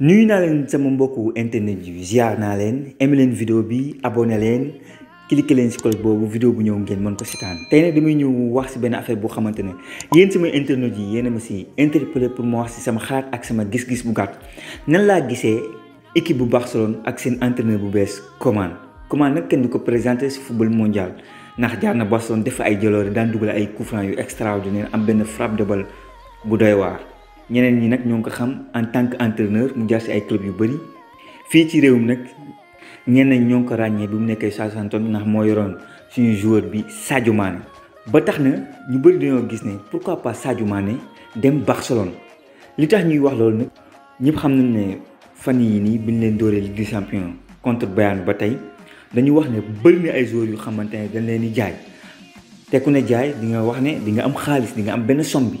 nuyu naa leen sama mbokku internet yi ziar naa leen aimé leen vidéo bi abone leen cliqué leen si cloche boobu vidéo bu ñëw ngeen mën ko seetaan tey nag damay ñëw wax si benn affaire boo xamante ne yéen sama internet yi yéen ma si interpellé pour ma wax si sama xalaat ak sama gis-gis bu gàtt nan laa gisee équipe bu Barcelone ak seen entraîneur bu bees Koeman Koeman nag kenn du ko présenté si football mondial ndax jaar na Barcelone def ay jaloore daan dugal ay coup franc yu extraordinaire am benn frappe de balle bu ñeneen ñi nag ñoo ngi ko xam en tant que entraîneur mu jaar si ay club yu bëri fii ci réew mi nag ñeneen ñoo ngi ko ràññee bi mu nekkee Southampton ndax moo yoroon suñu joueur bi Sadio Mané ba tax na ñu bëri dañoo gis ne pourquoi pas Sadio Mané dem Barcelone li tax ñuy wax loolu nag ñëpp xam nañ ne fan yii nii bi leen dooree Ligue des Champions contre Bayern ba tey dañu wax ne bëri na ay joueurs yu xamante ne dañ leen di jaay te ne jaay di nga wax ne di nga am xaalis di nga am benn somme bi.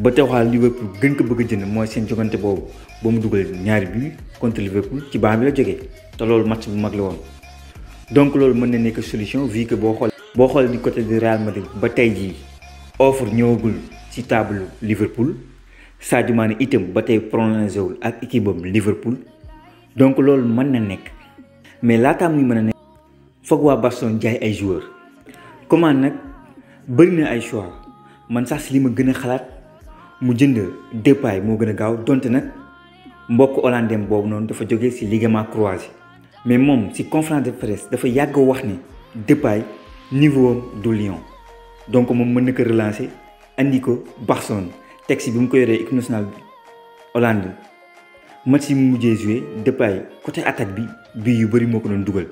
ba tey waa Liverpool gën ko bëgg a jënd mooy seen jogante boobu ba mu dugal ñaari bi contre Liverpool ci baax bi la jógee te loolu match bu mag la woon donc loolu mën na nekk solution vu que boo xool boo xool di côté de ba tey jii offre ñëwagul ci table Liverpool Sadio Mané itam ba tey prolongé wul ak équipe am Liverpool donc loolu mën na nekk mais laataa muy mën a nekk foog waa Barcelone jaay ay joueurs comment nag bëri na ay choix man sax si li ma gën a xalaat. mu jënd Depay moo gën a gaaw donte nag mbokk hollandais boobu noonu dafa jógee si ligament croisé mais moom si conférence de presse dafa yàgg wax ni Depay niveau du lion donc moom mën na ko relancer andi ko Barcelone teg si bi mu ko yoree équipe nationale bi Hollande match yi mu mujjee joué Depay côté attaque bi bii yu bëri moo ko doon dugal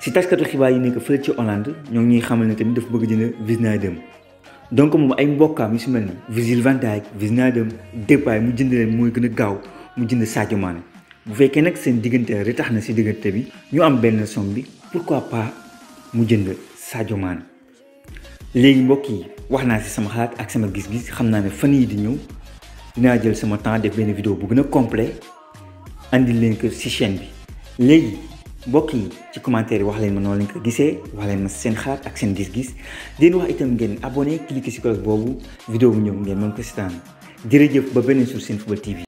si taskatu xibaar yi nekk fële ci Hollande ñoo ngi xamal ne tamit dafa bëgg jënd dem donc moom ay mbokkaam yu si mel ni Virgil van Dijk Virgil dem Depay mu jënd leen mooy gën a gaaw mu jënd Sadio Mané bu fekkee nag seen diggante retax na si diggante bi ñu am benn somme bi pourquoi pas mu jënd Sadio Mané léegi mbokk yi wax naa si sama xalaat ak sama gis-gis xam naa ne fan yi di ñëw dinaa jël sama temps def benn vidéo bu gën a complet andil leen ko si chaîne bi léegi bokki ci commentaire wax leen ma noonu lañ ko gisee wax leen ma seen xalaat ak seen gis-gis dien wax itam ngeen abonné cliquer si cloche boobu vidéo bu ñëw ngeen mën ko sitaan jërëjëf ba beneen sur Sine Football TV